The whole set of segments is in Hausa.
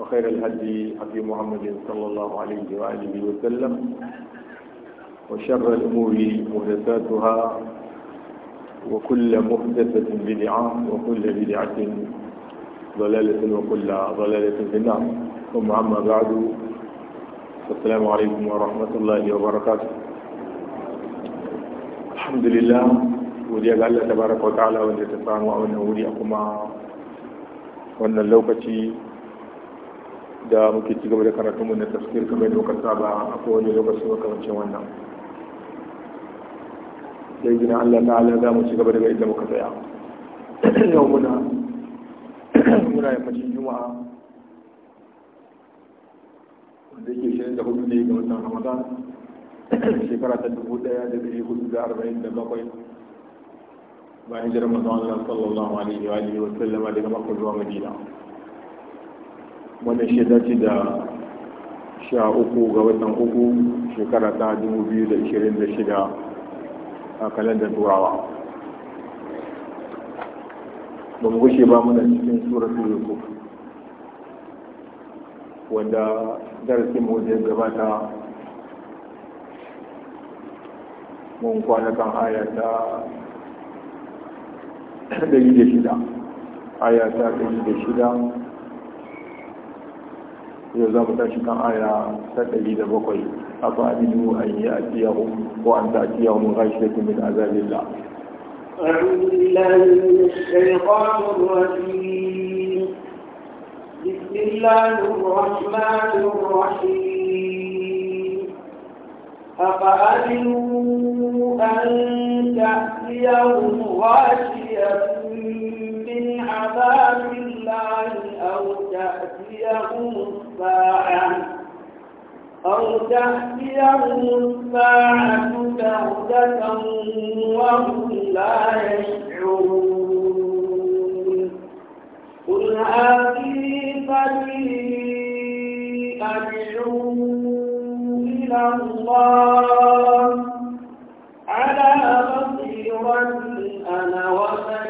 وخير الهدي هدي محمد صلى الله عليه وآله وسلم وشر الأمور محدثاتها وكل محدثة بدعة وكل بدعة ضلالة وكل ضلالة في النار ثم أما بعد السلام عليكم ورحمة الله وبركاته الحمد لله ودي ga Allah tabaraka wa ta'ala wanda ta samu a da muke ci gaba da karatun mu na tafsir kamar da muka saba a kowane lokaci makamancin wannan Sai gina Allah ta'ala za mu ci gaba da inda muka tsaya yau muna muna yammacin juma'a wanda yake shirin da hudu ne ga watan ramadan shekara ta dubu daya da dari hudu da arba'in da bakwai bayan jiran mazan Allah sallallahu alaihi wa sallama daga makon zuwa madina wannan shida ci da sha uku ga watan uku shekara ta 2026 a kalandar turawa ba mu gushe ba muna cikin suratul yusuf wanda darasin mu gabata mun kwana kan aya ta 106 aya ta yau za mu tashi kan aya ta ɗari da bakwai a fa'aminu an yi a tiyahu ko an ta tiyahu mun gashi da kuma da azabin da. أن تأتيهم غاشية من عذاب الله أو تأتيهم الساعة أو تأتيهم الساعة بغتة وهم لا يشعرون قل هذه سبيلي أدعو إلى الله على بصيرة أنا ومن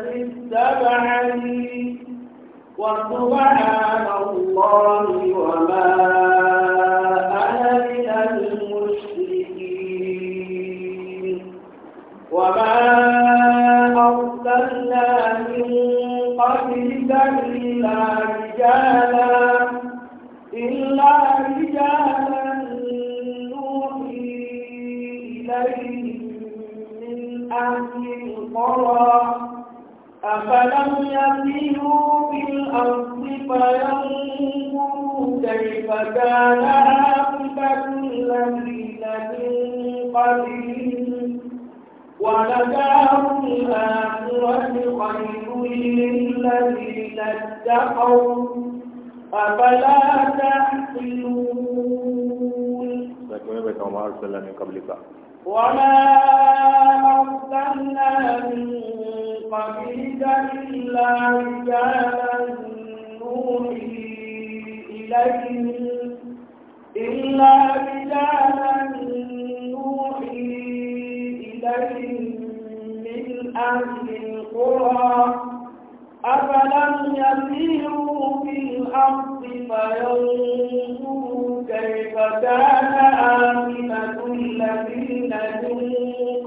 اتبعني وهو على الله وما أنا من المشركين وما أرسلنا من قبلك إلا رجالا إلا رجالا نوحي إليهم من أهل القرى وكان عاقبة الذين من قبلهم ولدار الآخرة خير للذين اتقوا أفلا تعقلون من قبلك وما يسيروا في الأرض فينظروا كيف كان آمنة الذين من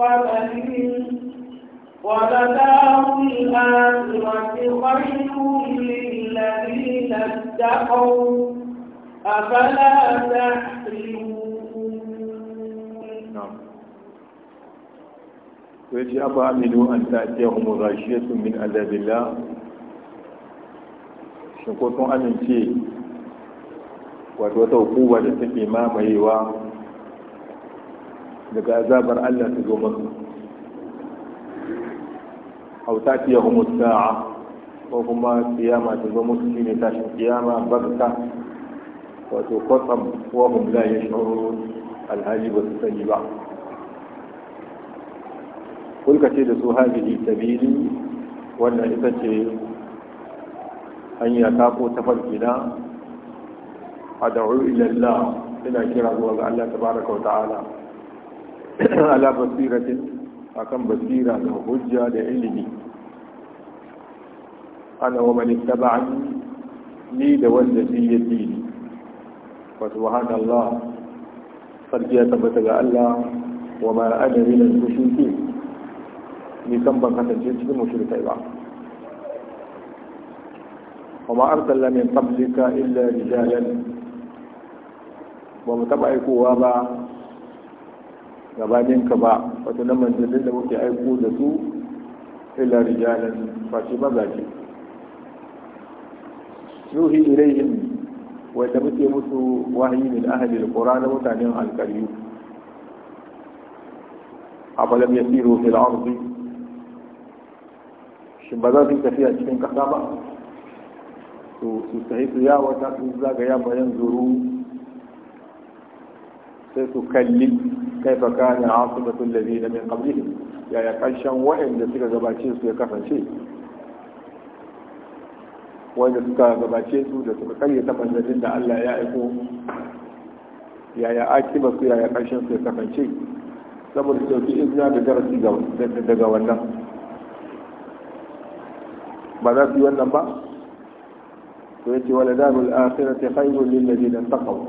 قبلهم ولدار الآخرة خير للذين اتقوا أفلا تحسبون نعم. ويجي أفأمنوا أن تأتيهم غاشية من عذاب الله shin ko sun amince wato wata hukuma da take mamayewa daga azabar Allah ta zo masu aw tatiyahum as-sa'a ko kuma kiyama ta zo musu ne tashin kiyama barka wato kwatsam wa hum ya shuru alhaji ba su sani ba kulka ce da su hajji sabili wannan ita ce hanya ta ko tafarki na a da'u ilallah ina kira zuwa ga Allah tabaraka wa ta'ala ala basiratin akan basira da hujja da ilimi ana wa man ni da wanda shi ya bi ni wa subhanallah sarki ya tabbata ga Allah wa ma ana min al-mushrikin ni kan ban kasance cikin mushrikai ba وما أرسلنا من قبلك إلا رجالا ومتبعك وابا gabaninka ba wato na manzannin da muke aiko da su ila rijalan fashi mazaje yuhi ilaihim wanda muke musu wahayi min ahli alqura na mutanen alqariyu afalam yasiru fil ardi shin ba za su tafiya cikin kasa ba to su sahi su yawa ta su zagaya bayan zuru sai su kalli kai fa kana asibatul ladina min qablihim ya ya karshen wa'anda suka gabace su ya kasance wanda suka gabace su da suka karya ta manzannin da Allah ya aiko yaya akiba su yaya karshen su ya kasance saboda sauki izina da darasi daga wannan ba za su yi wannan ba to yace wala darul akhirati khairul lil ladina taqaw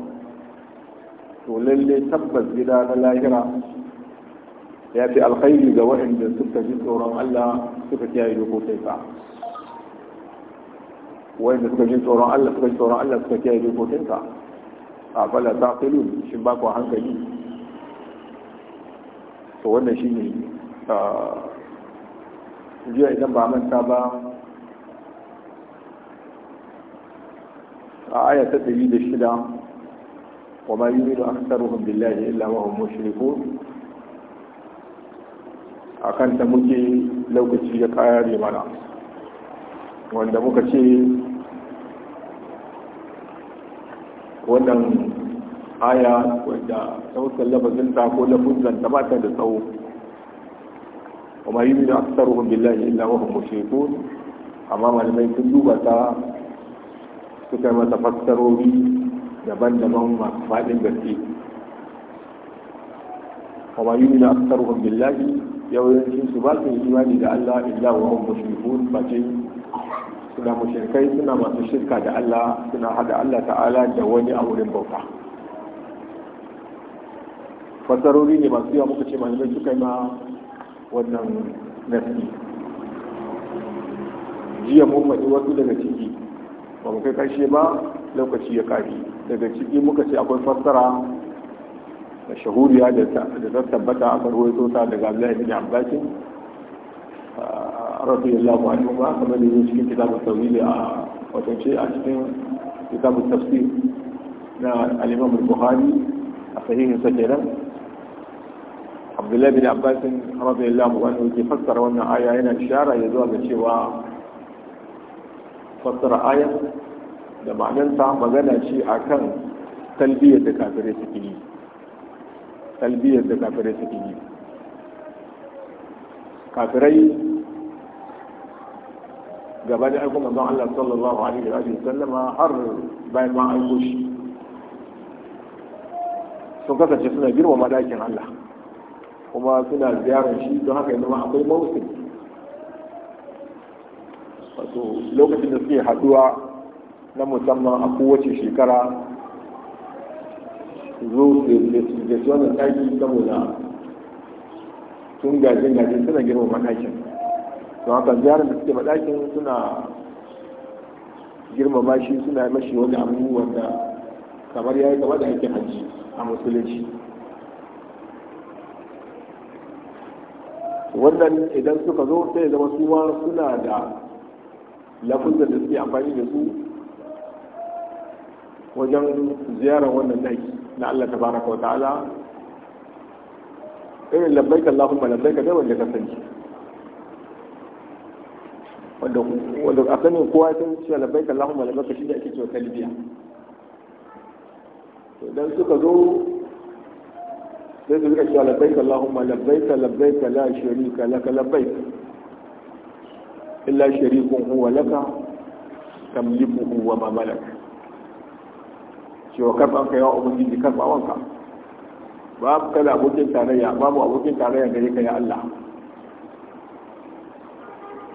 to lalle tabbas gida na lahira ya fi alkhairi ga waɗanda suka ji tsoron Allah suka kiyaye dokokin sa waɗanda suka ji tsoron Allah suka ji tsoron Allah suka kiyaye dokokin sa a fala taqilun shi ba ku hankali to wannan shi shine ah, jiya idan ba manta ba a aya ta ɗari da shida wa ma yuridu aktsaruhum billahi illa wa hum a kan ta muke lokaci ya kare mana wanda muka ce wannan aya wadda tsawon labarin ta ko lafazin ta mata da tsawo wa ma yuridu aktsaruhum billahi illa wa hum mushrikun amma malamai sun duba ta suka mata fassarori daban-daban masu faɗin gaske kuma yi na aksaruhun billahi yawancin su ba su yi imani da Allah illa wa hum mushrikun ba ce suna mashirikai, suna masu shirka da Allah suna hada Allah ta'ala da wani a wurin bauta fasarori ne masu yawa muka ce malamai suka yi ma wannan nasi jiya mun wasu daga ciki ba mu kai karshe ba lokaci ya kari daga ciki muka ce akwai fassara da shahuriya da ta tabbata a farko ya ta daga abdullahi bin abbasin ah, radiyallahu anhu ba kamar da yake cikin kitabun tawili a wato a cikin kitabun tafsir na al-imam al-bukhari a sahihin sa kenan abdullahi bin abbasin radiyallahu anhu ke fassara wannan aya yana shara ya zuwa ga cewa fassara ayat da ma'ananta magana shi akan talbiyar da kafirai suke yi talbiyar da kafirai suke yi kafirai gaba da aiko manzon Allah sallallahu alaihi wa sallama har bayan ma aiko shi sun kasance suna girmama madakin Allah kuma suna ziyarar shi don haka yanzu ma akwai mawusin to lokacin da suke haduwa na musamman a kowace shekara zo da su wannan ɗaki saboda tun gajin gajin suna girma matakin don haka ziyarar da suke matakin suna girmama shi suna mashi wani abu wanda kamar ya yi kama da aikin hajji a musulunci wannan idan suka zo sai zama su ma suna da lafuzan da suke amfani da su wajen ziyarar wannan nahi na Allah ta baraka wa ta'ala irin labbaika Allahumma labbaika da wanda ka sani wanda wanda a sani kowa ya san cewa labbaika Allahumma labbaika shi da ake cewa talbiya to suka zo sai su rika cewa labbaika Allahumma labbaika labbaika la sharika laka labbaika illa sharikun huwa laka tamlikuhu wa ma malak cewa karban ka wa ubangiji karbawan ka babu kada abokin tarayya babu abokin tarayya gare ka ya Allah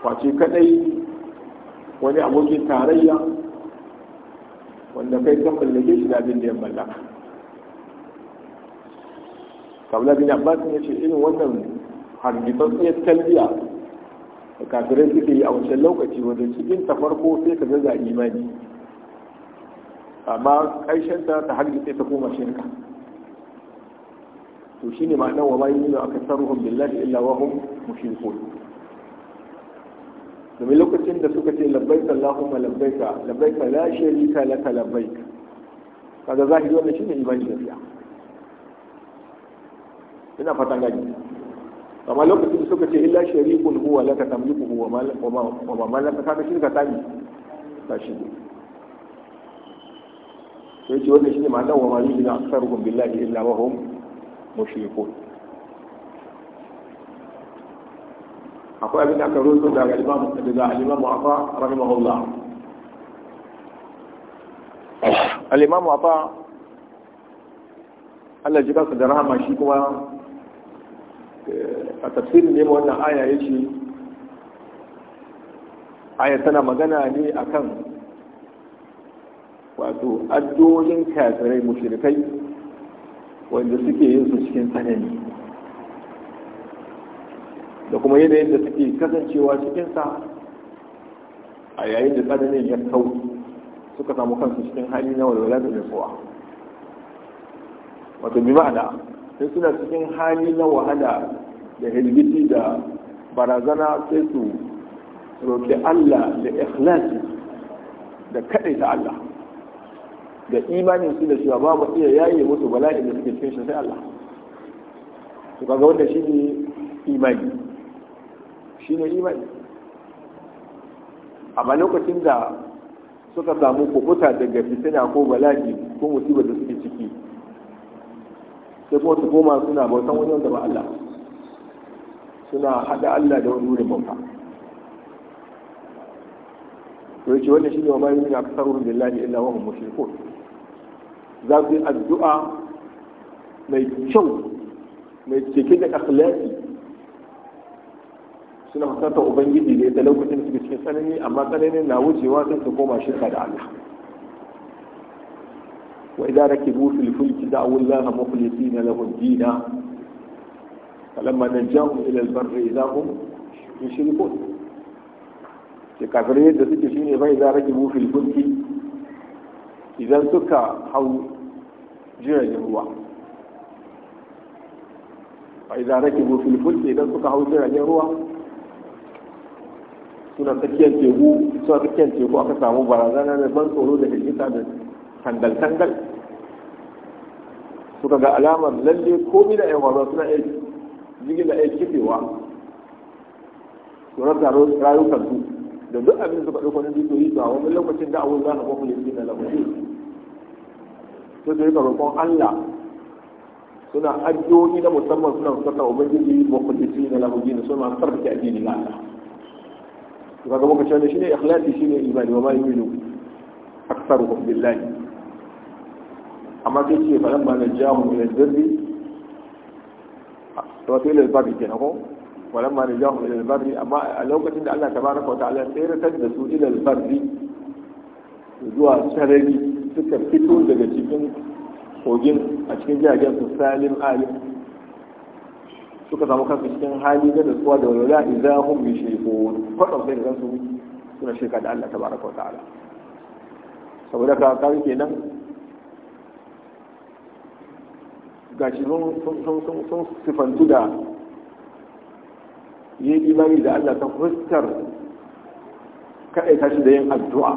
face kadai wani abokin tarayya wanda kai kan mallake shi da abin da ya mallaka kabla bin abbas ne ce irin wannan hargitsatsiyar talbiya kafirai suke yi a wancan lokaci wanda cikin ta farko sai ka zaza imani amma ƙarshen ta ta hargi sai ta koma shirka to shi ne ma'anar wa bayi nuna aka sarruhun billahi illa wa hum mushrikun domin lokacin da suka ce labbaika allahumma labbaika labbaika la sharika laka labbaika kaga zahiri wannan shine imani da gaskiya ina fatan gani amma lokacin da suka ce illa sharikun huwa laka tamliku wa ma malaka ka shi ka tani ba shi ne sai ce wannan shine ma'ana wa ma yu'minu aktsaruhum billahi illa wa hum mushrikun akwai abin da aka rubuta daga imam daga imam Afa rahimahullah al-imam Afa Allah ji kansa da rahama shi kuma Eh, a tafsirin ne wannan aya ya ce aya tana magana ne akan wato addoyin kafirai mushrikai wanda suke yin su cikin tsanani da kuma yanayin da suke kasancewa cikinsa a yayin da tsananin ya kau suka samu kansu cikin hali na walwala da nutsuwa wato bi ma'ana sai suna cikin hali na wahala da hirgiti da barazana sai su roƙi Allah da ikhlasi da kaɗai ta Allah da imanin su da cewa babu iya yaye musu bala'in da suke cikin shi sai Allah to ga wanda ne imani ne imani amma lokacin da suka samu kubuta daga fitina ko bala'i ko musibar da sai kuma su koma suna bautan wani wanda ba Allah suna haɗa Allah da wani wurin bauta to yace wannan shine wa ma kasar wurin billahi illa wa mushrikun za su yi addu'a mai kyau mai cike da akhlaqi suna fuskantar ubangiji ne da lokacin suke cikin tsanani amma tsananin na wucewa sai su koma shirka da Allah وإذا ركبوا في الفلك دعوا الله مخلصين له الدين فلما نجاهم إلى البر إذا هم يشركون كافرين تتكفيني فإذا ركبوا في الفلك إذا انتكى حول جعل هو فإذا ركبوا في الفلك إذا انتكى حول جعل هو suna ta kyanke ku suna ta kyanke ku aka samu barazana na ban tsoro da hirgita da tangal-tangal suka ga alamar lalle komi da yawa ba suna iya jirgin da iya kifewa su rasa su da duk abin suka ɗauka na dukiyoyi to a wani lokacin da awon za ka kwakwale su da lafafi sai su rika roƙon allah suna addu'o'i na musamman suna fuskantar ubangiji makwalici na lafafi da suna sarrafa addini na allah to kaga muka cewa ne ikhlasi ne ibadi wa ma yu'minu aktsaruhum billahi amma sai ce falan ba na jamu ila zirri to wata ilil babi ke nako falan ba na jamu ilil babi amma a lokacin da Allah ta tabaraka wa ta'ala sai ratar da su ilil babi zuwa sarari suka fito daga cikin kogin a cikin jiragen su salim alim suka samu kansu cikin hali na da suwa da walwala idan hum bi shaykhun kwatsam sai da su suna shirka da Allah ta tabaraka wa ta'ala saboda ka kai kenan gashi sun sifantu da yin imani da Allah ta fuskar kaɗai tashi da yin addu'a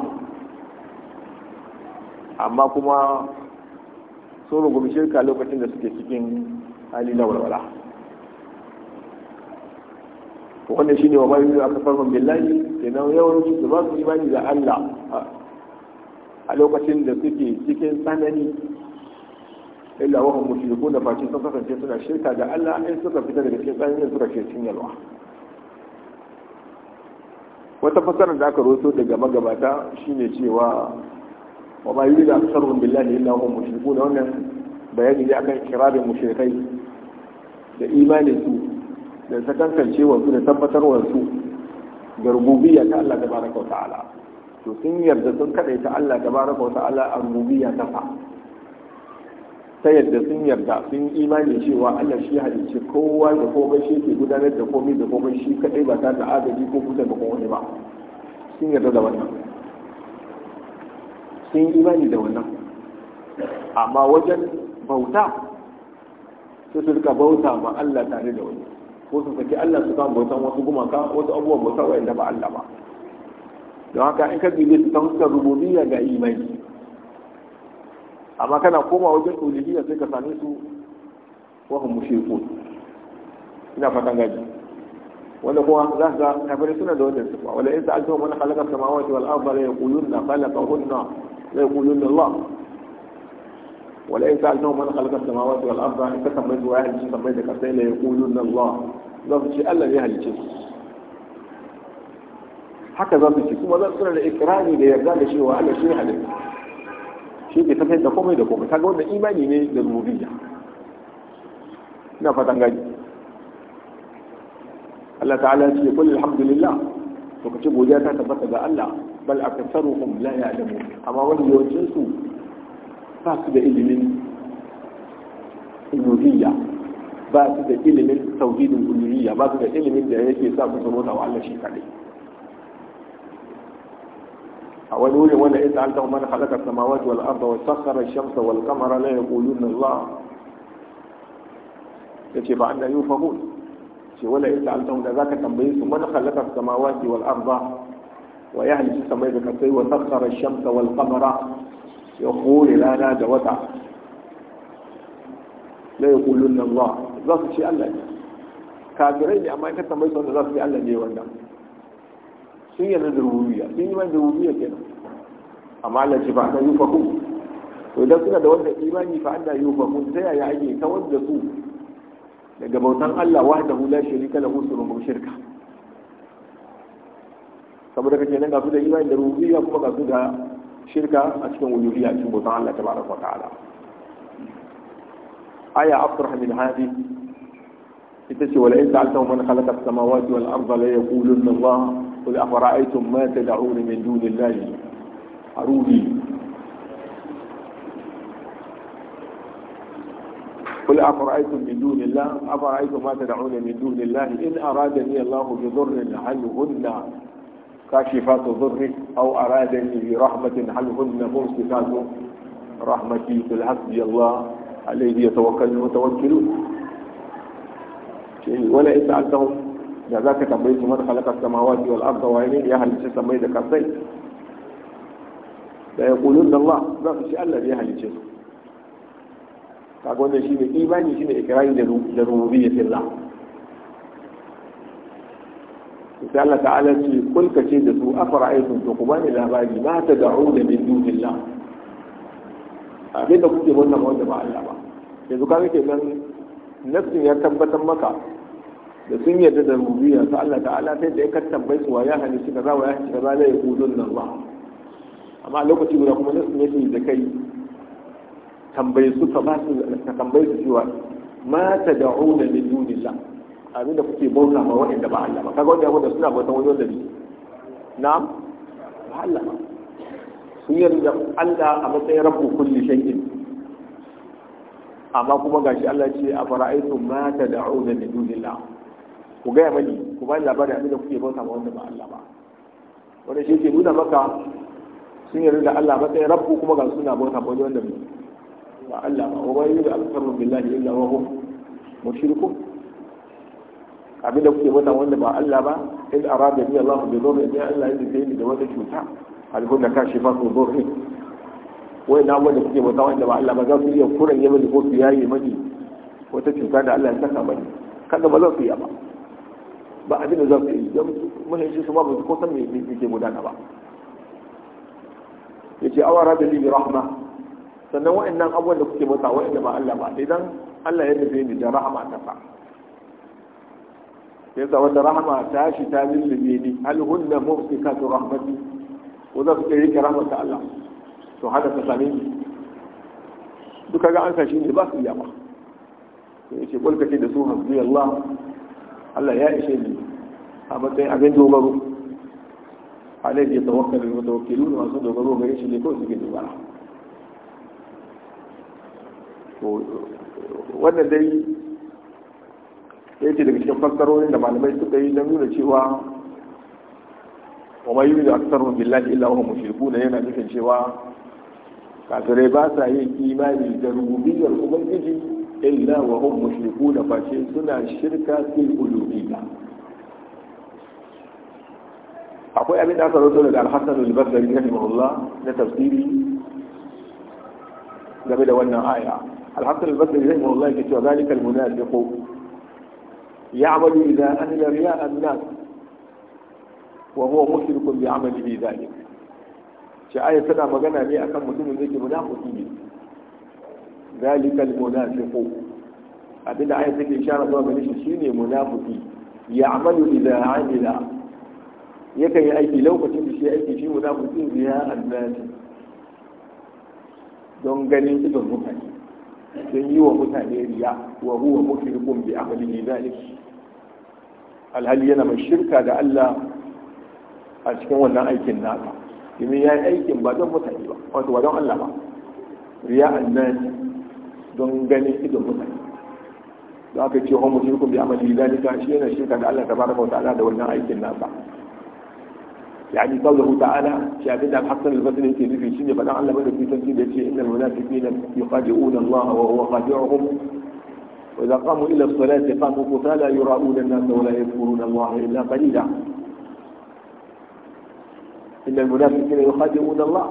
amma kuma sun rungumi shirka lokacin da suke cikin hali na walwala wannan ne wa bayu aka farkon billahi kenan yawanci su ba su imani da Allah a lokacin da suke cikin tsanani illa wa hum mushrikuna fa sun kasance suna shirka da Allah in suka fita daga cikin tsayin suka ke cin yalwa wata fasara da aka roto daga magabata shine cewa wa ma da sarrun billahi illa hum mushrikuna wannan bayani ne akan kirarin mushrikai da imanin su da sakankancewa su da tabbatarwa su ga rububiyya ta Allah tabaraka wa ta'ala to sun yarda sun kadaita Allah tabaraka wa ta'ala a rububiyya ta fa ta yadda sun yarda sun imani cewa Allah shi halicce kowa da komai shi ke gudanar da komai da komai shi kadai ba tare da agaji ko kusa da komai ba sun yarda da wannan sun imani da wannan amma wajen bauta su rika bauta ma Allah tare da wani ko su saki Allah su kan bautan wasu gumaka wasu abubuwan bauta wa'anda ba Allah ba don haka in ka bibe su ta huskar rububiyya ga imani amma kana koma wajen ulubiyya sai ka same su wahum mushrikun ina fatan gaji wanda kuma za ka kafirai suna da wajen sifa wala in sa'altu man khalaqa samawati wal arda la yaquluna khalaqahunna la yaquluna Allah wala in sa'altu man khalaqa samawati wal arda in ka mai zuwa yahin mai da ka sai la yaquluna Allah za su ce Allah ne halice su haka za su ce kuma za su da ikrari da yarda da cewa Allah shi halice shi ke tafiyar da komai da komai kaga wannan imani ne da rububiyya ina fatan gani Allah ta'ala ce kullu alhamdulillah to kace godiya ta tabbata ga Allah bal aktsaruhum la ya'lamun amma wani yawancin su ba su da ilimin rububiyya ba su da ilimin tauhidin uluhiyya ba su da ilimin da yake sa su zama wa Allah shi kadai ولولا ولا إذ أنتم من خلق السماوات والأرض وسخر الشمس والقمر لا يقولون الله يجب أن يوفقون ولا إذ من ذاك تنبيس من خلق السماوات والأرض ويعني في السماء بكثير وسخر الشمس والقمر يقول لا لا دوتا لا يقولون الله ذاك شيء الله كافرين أما إن تنبيس ذاك الله جيوانا sun yarda da rububiyya sun yi da rububiyya kenan amma Allah ce fa ana yufahu to idan suna da wanda imani fa ana yufahu ta yaya ake kawar da su daga bautan Allah wahdahu la sharika lahu surun shirka saboda kace nan ga su da imani da rububiyya kuma ga su da shirka a cikin wujudiyya cikin bautan Allah tabaraka wa ta'ala aya afsarha min hadi ita ce wala in sa'altahum man khalaqa as-samawati wal arda la yaqulunna Allah قل أفرأيتم ما تدعون من دون الله أروني قل أفرأيتم من دون الله أفرأيتم ما تدعون من دون الله إن أرادني الله بضر هل هن كاشفات ضر أو أرادني برحمة هل هن مرسلات رحمتي قل حسبي الله عليه يتوكل المتوكلون ولا إن سألتهم da za ka tambayi su mata halakar samawati wal arda wa ne ya halice samai da kasai da ya kulun da Allah za su ce Allah ne ya halice su kaga shi ne imani ne ikirari da ya rububiyyatillah sai Allah ta'ala ce kulka ce da su to afara'aytum tuqbani labari ma da min dunillah abin da kuke wannan wanda ba Allah ba yanzu ke nan nafsin ya tabbatar maka da sun yarda da rubiya su Allah ta'ala sai da ya kattabbai su wa ya halitta kaza wa ya halitta kaza la nan ba amma a lokaci guda kuma sun yi da kai tambayi su ta ba su da tambayi su cewa ma da min dunillah abin da kuke bauta ma wa'anda ba Allah ba kaga wanda yahuda suna bautan wani da biyu na'am ba Allah ba sun yarda Allah a matsayin rabbu kulli shay'in amma kuma gashi Allah ce a fara'aitu ma ta da'una min dunillah ku gaya mani ku bani labarin abin da kuke bauta ma wanda ba Allah ba wanda shi ke nuna maka sun yi da Allah matsayin Rabu kuma ga suna bauta ma wanda ba Allah ba wani yi da alfarmu billahi illa wa hum mushrikun abin da kuke bauta wanda ba Allah ba in arada bi Allah bi zobe bi Allah yadda zai ni da wata cuta hal fa kashifatu zobe wai na wanda kuke bauta wanda ba Allah ba za su iya kuran yamani ko su yayi mani wata cuta da Allah ya saka mani kada ba za su yi ba ba abin da za su yi don mahaifi su ba ba su kusan mai ke gudana ba ya ce awa rabin libi rahma sannan wa'annan abubuwan da kuke masa wa'anda ba Allah ba idan Allah ya nufi ni da rahama ta sa ya sa wata rahama ta shi ta lullube ni hal hunna mumsikatu rahmati ko za su rike rahmar ta Allah to haka ta same ni duka ga an sa shi ne ba su iya ba sai ya ce kulka ce da su hasbi Allah Allah ya ishe ni a matsayin abin dogaro da wata tawakkalul mutawakkilu masu dogaro gare shi ne ko suke dogara to wannan dai yake daga cikin fassarorin da malamai suka yi don nuna cewa wa mai yi da aksarun billahi illa wa mushriku na yana nufin cewa kafirai ba sa yin imani da rububiyar ubangiji إلا وهم مشركون فاشين سنة الشركة في قلوبنا أقول أبي دعسة رسولة عن حسن البذل رحمه الله لتفسيري قبل وانا آية الحسن البذل رحمه الله كتب ذلك المنافق يعمل إذا أهل رياء الناس وهو مشرك بعمله ذلك شآية سنة مغنى مئة كم مسلم ذلك منافق zalikal munafiqu abinda ayat take ishara zuwa gare shi shine munafiki ya'malu idza amila kan yi aiki lokacin da shi aiki shi munafiqin riya annati don ganin idon mutane don yi wa mutane riya wa huwa mushrikun bi amalihi zalik alhali yana mai shirka da Allah a cikin wannan aikin nasa domin ya yi aikin ba don mutane ba wato ba don Allah ba riya annati don ganin idon mutane da aka ce homo oh, shirkun bi amali zalika shi yana shirka da Allah tabaraka wa ta'ala da wannan aikin nasa يعني قوله تعالى شاهدنا الحسن البصري في ذكر الشيء فدعا في تنزيل الشيء ان المنافقين يخادعون الله وهو خادعهم واذا قاموا الى الصلاه قاموا قتالا يراؤون الناس ولا يذكرون الله الا قليلا ان المنافقين يخادعون الله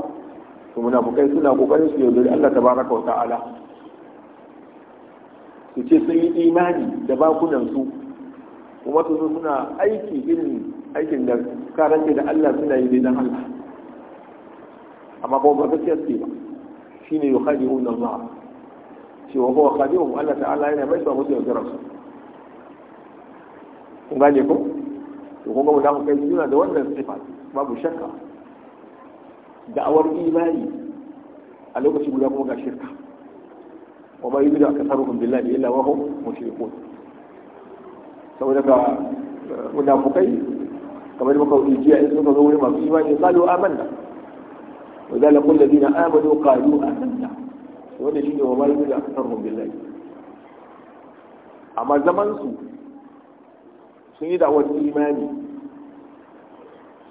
ومنافقين سنه وقبلوا سيدنا الله تبارك وتعالى su ce sun yi imani da bakunansu kuma su zo suna aiki irin aikin da karance da Allah suna yi don Allah amma kuma ba gaskiya suke ba shine yukhadi'una Allah cewa huwa khadi'uhum Allah ta'ala yana mai sa musu yaudarar su kun gane ko to kun ga mutum kai suna da wannan sifa babu shakka da'awar imani a lokaci guda kuma ga shirka wa ba yu'minu aktharuhum billahi illa wa hum mushrikun saboda ka uh, munafukai kamar muka wuce jiya in suka zo wurin masu imani qalu amanna wa zala qul ladina amanu qalu amanna wanda shine wa ba yu'minu aktharuhum billahi amma zaman sun yi da'awar imani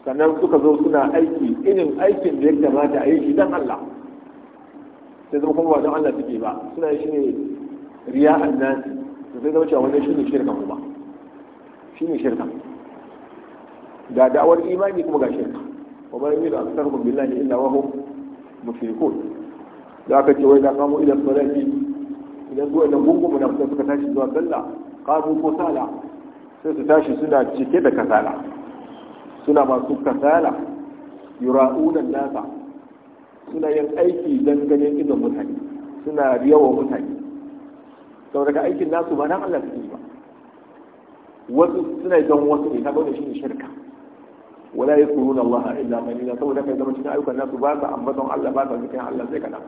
sannan suka zo suna aiki irin aikin da ya kamata a yi shi dan Allah sai zama kuma wajen Allah suke ba suna shi ne riya annasi to sai zama cewa wannan shi ne shirka kuma shi ne shirka ga da'awar imani kuma ga shirka wa ma yu'minu aktharuhum billahi illa wa hum mushrikun da aka ce wai da kamo ila salati idan zuwa da gungun munafikai suka tashi zuwa sallah qamu ko sala sai su tashi suna cike da kasala suna masu kasala yura'una nasa suna yin aiki don ganin idon mutane suna yawan mutane sau daga aikin nasu ba nan Allah suke ba wasu suna don wasu ne kaga wannan shine shirka wala yakuruna Allah illa qalila saboda kai zama cikin ayyukan nasu ba sa ambaton Allah ba sa cikin Allah sai kana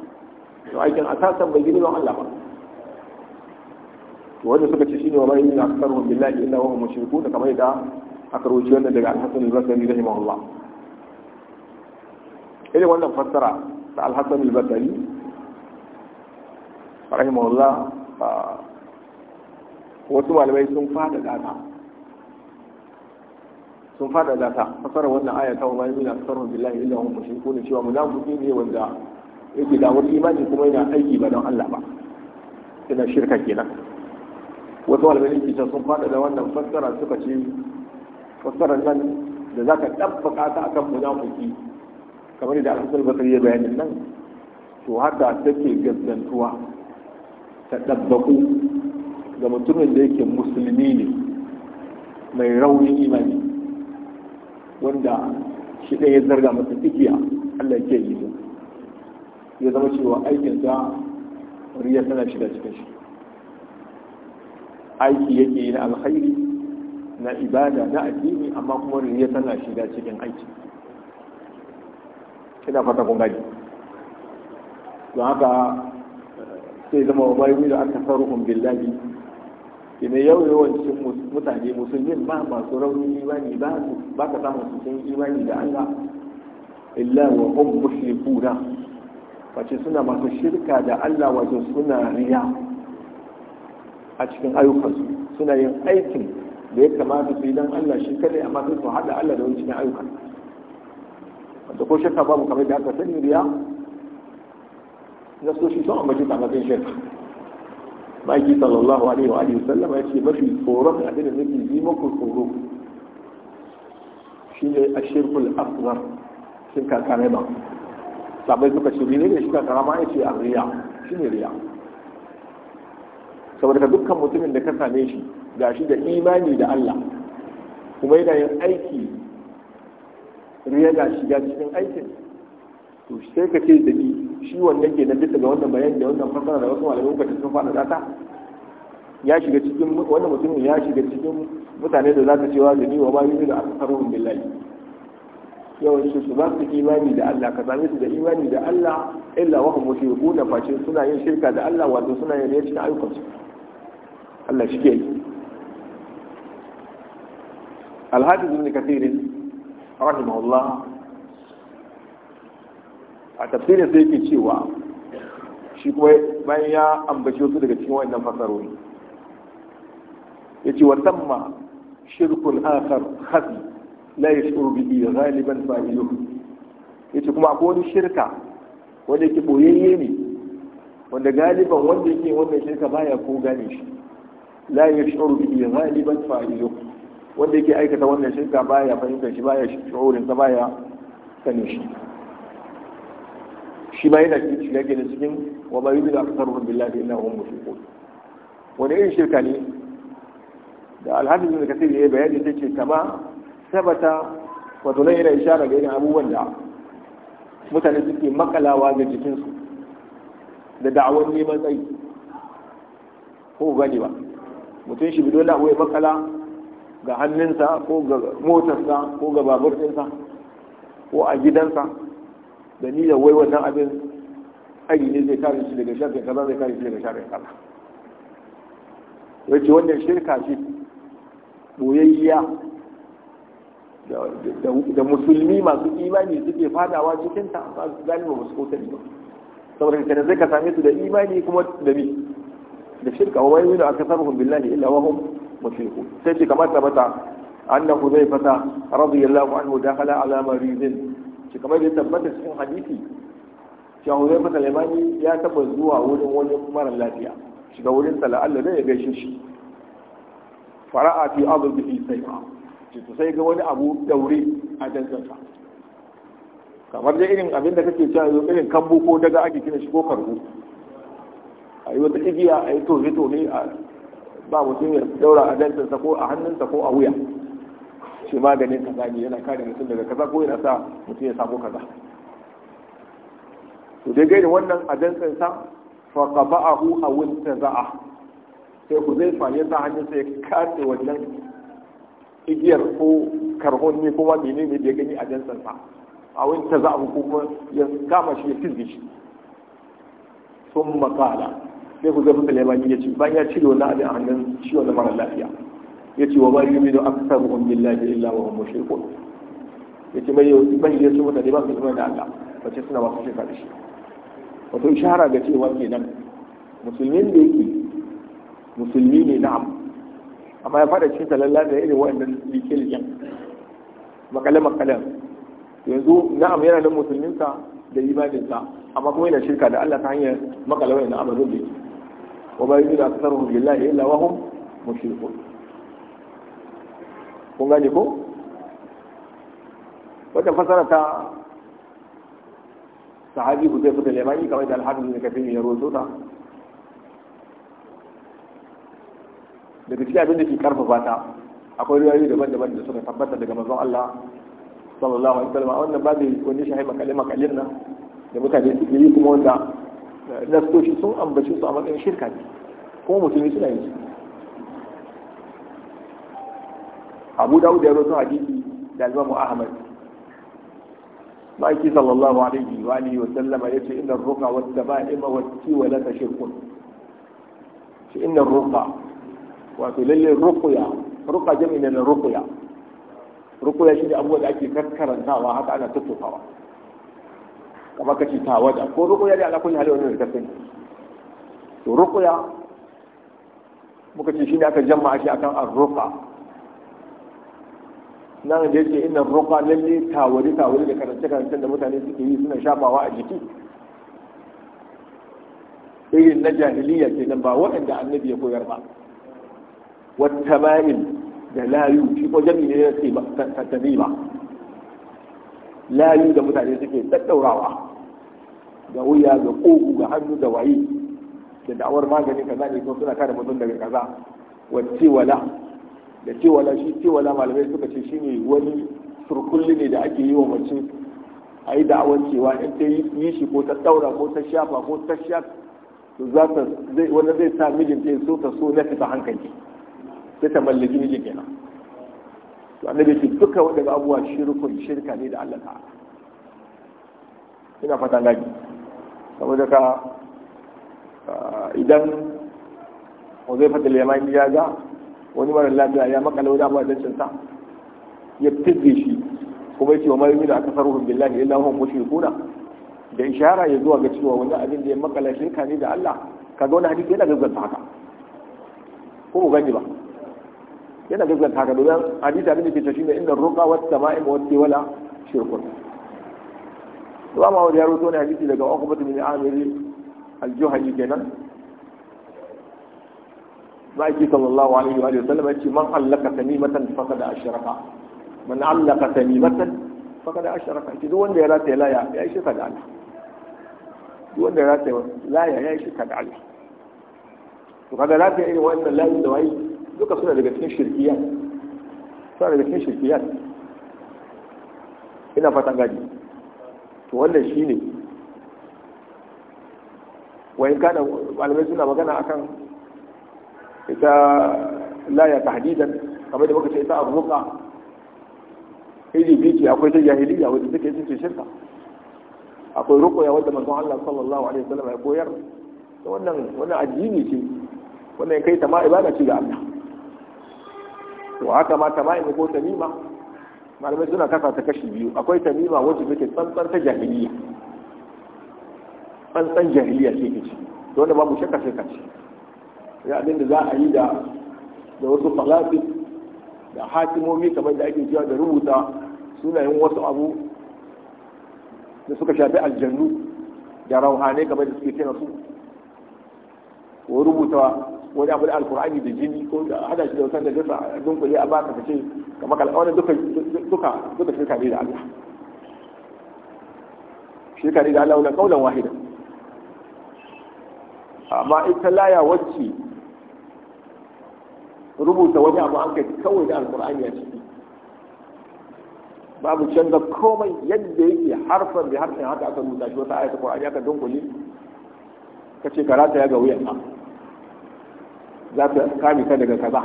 to aikin asasan bai gina don Allah ba to wanda suka ce shine wa bayyana aktsaruhum billahi illa wa hum mushrikun kamar yadda aka rubuci wannan daga Al-Hasan al-Basri rahimahullah irin wannan fassara da alhassan albasari rahimahullah wasu malamai sun fada data sun fada data fasara wannan aya ta wa yana sarrafa billahi illa hum mushrikun cewa munafiki ne wanda yake da wani imani kuma yana aiki ba don Allah ba yana shirka kenan wasu malamai ne sun fada da wannan fassara suka ce fassarar nan da zaka tabbaka ta akan munafiki kamar da aka bakari ya bayanin nan to haka take gaskantuwa ta ɗabbaku ga mutumin da yake musulmi ne mai raunin imani wanda shi ɗaya zarga masa igiya Allah ke yi ba ya zama cewa aikinsa riya tana shiga cikin shi aiki yake yi na alkhairi na ibada na addini amma kuma riya tana shiga cikin aiki ina fata kun gani don haka sai zama wa bayu da aka rukun billahi ina yau yawancin mutane musulmin ba masu rauni imani ba ka samun su sun imani da Allah illa wa hum kuna wace suna masu shirka da Allah wato suna riya a cikin ayyukansu suna yin aikin da ya kamata su yi don Allah shi kadai amma sai su haɗa Allah da wani cikin ayyukansu da ko shirka babu kamar da aka sani riya shi sun ambaci ta matsayin shirka ma'aiki sallallahu alaihi wa alihi sallama ya ce mafi tsoron abin da nake yi muku tsoro shi ne a shirkul asgar shirka kare ba sabai suka ce ne ne shirka karama ya ce a riya shi ne riya saboda ka dukkan mutumin da ka same shi gashi da imani da Allah kuma yana yin aiki rega shiga cikin aikin to sai ka ce da ni shi wannan ke na bisa ga wannan bayan da wannan fasara da wasu malamai ka sun fada data ya shiga cikin wannan mutumin ya shiga cikin mutane da za ka cewa da ni wa ba yi da asarun billahi yawan su su ba su imani da Allah ka same su da imani da Allah illa wa hum mushrikuna fa face suna yin shirka da Allah wato suna yin riya cikin ayyukan su Allah shi ke yi al hadith Ibn Kathir rahimahullah a tafsirin sai yake cewa shi kuma bayan ya ambaci wasu daga cikin wa'annan fasarori ce wa tamma shirkun akhar khafi la yashuru bihi ghaliban Ya ce kuma akwai wani shirka wanda yake boyayye ne wanda galiban wanda yake wannan shirka baya ko gane shi la yashuru bihi ghaliban fa'ilu wanda yake aikata wannan shirka baya fahimtar shi baya shuhurin ta baya sanin shi shi ma yana cikin shiga gina cikin wa ba bi da aksaruhum billahi innahum ko wani irin shirka ne da alhaji da kasir yayi bayani ta ce kama sabata wato nan yana ishara ga irin abubuwan da mutane suke makalawa ga jikinsu da da'awar neman tsayi ko gani ba mutum shi bidola ko ya makala ga hannunsa ko ga motarsa ko ga babur ɗinsa ko a gidansa da ni da wai wannan abin aji ne zai kare shi daga shafin kaza zai kare shi daga shafin kaza yace wannan shirka ce boyayya da musulmi masu imani suke fadawa cikin ta su galiba ba su kota ba saboda ka da zai ka same su da imani kuma da bi, da shirka wa wani aka samu billahi illa wa hum مشركون سيتي كما ثبت أن حذيفة رضي الله عنه دخل على مريض كما ثبت في حديثي cewa wajen masa limani ya taba zuwa wurin wani mara lafiya shiga wurin sa la'alla zai gaishe shi fara'a fi abu da fi sai ma sai ga wani abu daure a dangansa kamar da irin abin kake cewa yanzu irin kambu ko daga ake kina shi ko karbu a yi wata igiya a yi tohe tohe a ba mutum ya daura a dantarsa ko a hannunsa ko a wuya shi maganin kaza ne yana kare mutum daga kaza ko yana sa mutum ya samu kaza to dai gaida wannan a dantarsa fa qaba'ahu aw intaza'a sai ku zai fa ya sa hannunsa ya kace wannan igiyar ko karhon ne ko wani ne da ya gani a dantarsa a wani ta za'a ko kuma ya kama shi ya fizge shi sun makala sai ku zafi sulaiman ya ce bayan ya cire wannan abin a hannun shi wannan mara lafiya ya ce wa ba yi mino aksar un billahi illa wa hum mushrikun ya ce mai yau ban yi sun mutane ba su zama da Allah ba ce suna masu shirka da shi wato shahara ga cewa kenan musulmin da yake musulmi ne na'am amma ya fada cikin talalla da irin wa'annan likiliyan makale-makalen yanzu na'am yana da musulminsa da imaninsa amma kuma yana shirka da Allah ta hanyar makale wa'annan amalin da yake wa ba yu'minu aktharuhum billahi illa wa hum mushrikun kun gane ko wata fasara ta sahabi ku zai fita limani kamar da alhafiz ne kafin ya ta daga cikin abin da ke karfafa ta akwai riwayoyi daban-daban da suka tabbata daga manzon Allah sallallahu alaihi wasallam wannan babu wani shahi makale makalin nan da mutane suke yi kuma wanda nasoshi sun ambace su a matsayin shirka ne kuma musulmi suna yin su abu dawud ya rawaito hadisi da al-imamu ahmad ma'aiki sallallahu alaihi wa alihi wa sallama yace inna ar-ruqa wa tabaima wa tiwala ta shirkun shi inna ar-ruqa wato lalle ruqya ruqa jami'in na ruqya ruqya shi ne abubuwa da ake karkarantawa haka ana tattaunawa kamar ta tawada ko ruqya da alakun hali wani da sani to ruqya muka ce shi ne aka jama'a shi akan ar nan da yake inna ruqa lalle tawadi tawadi da karance karance da mutane suke yi suna shafawa a jiki irin na jahiliya kenan ba waɗanda annabi ya koyar ba wata da layu shi ko jami'i ne ya ce ba layu da mutane suke daddaurawa da wuya ga kogu ga hannu da waye da da'awar maganin kaza ne kuma suna kare mutum daga kaza wa da cewala shi cewala malamai suka ce shine wani surkulli ne da ake yi wa mace a yi da'awar cewa in ta yi shi ko ta daura ko ta shafa ko ta sha wanda zai sa mijinta ya so ta so na fita hankali sai ta mallaki mijin kenan to annabi ce duka wadanda abuwa shirkun shirka ne da Allah ta'ala ina fata gani saboda ka idan zai fata in ya ga wani mara lafiya ya makala wani abuwa don cinta ya fitge shi kuma yake wa mai yi da aka saruhun billahi illa hum mushrikuna da ishara ya zuwa ga cewa wani abin da ya makala shirka ne da Allah kaga wani hadisi yana gaggata haka ko mu gani ba yana gaskanta haka dole hadisi abin da ke tashi ne inda ruqa wa sama'im wa tiwala shirkun to ma wani yaro to ne hadisi daga Uqbah bin Amir al-Juhani kenan baki sallallahu alaihi wa sallam yace man allaka tamimatan faqad ashraka man allaka tamimatan faqad ashraka ki duk wanda ya rata ya laya ya shi kada Allah duk wanda ya rata ya laya ya shi kada Allah to kada rata irin wannan layin da wai duka suna daga cikin shirkiyar suna daga cikin shirkiyar ina fatan gadi to wannan shi ne wani kada malamai suna magana akan ita laya hadidan kamar da muka ce ita arruka iri ce akwai ta jahiliya wadda take yi ce shirka akwai rukuya wadda masu Allah sallallahu alaihi wasallam ya koyar wannan wannan addini ce wannan kai ta ma ibada ce ga Allah to haka ma tama'in ko tamima malamai suna kasa ta kashi biyu akwai tamima wacce take tsantsan ta jahiliya tsantsan jahiliya ce ke ci wanda babu shakka sai ka ci ya abin da za a yi da da wasu falafi da hakimomi kamar da ake cewa da rubuta sunayen wasu abu da suka shafi aljannu da rauhanai kamar da suke ce su ko rubuta wani abu da alkur'ani da jini ko da hada shi da wata najasa a dunkule a baka kace kamar kalma duka duka duka shirka ne da Allah shirka ne da Allah wani kaulan wahida amma ita laya wacce rubuta wani abu an kai kawai da alkur'ani ya ciki babu canza komai yadda yake harfan da harfin haka aka rubuta shi wata ayatul qur'ani aka dunkule kace karata ya ga wuyan ka za ta kame ka daga kaza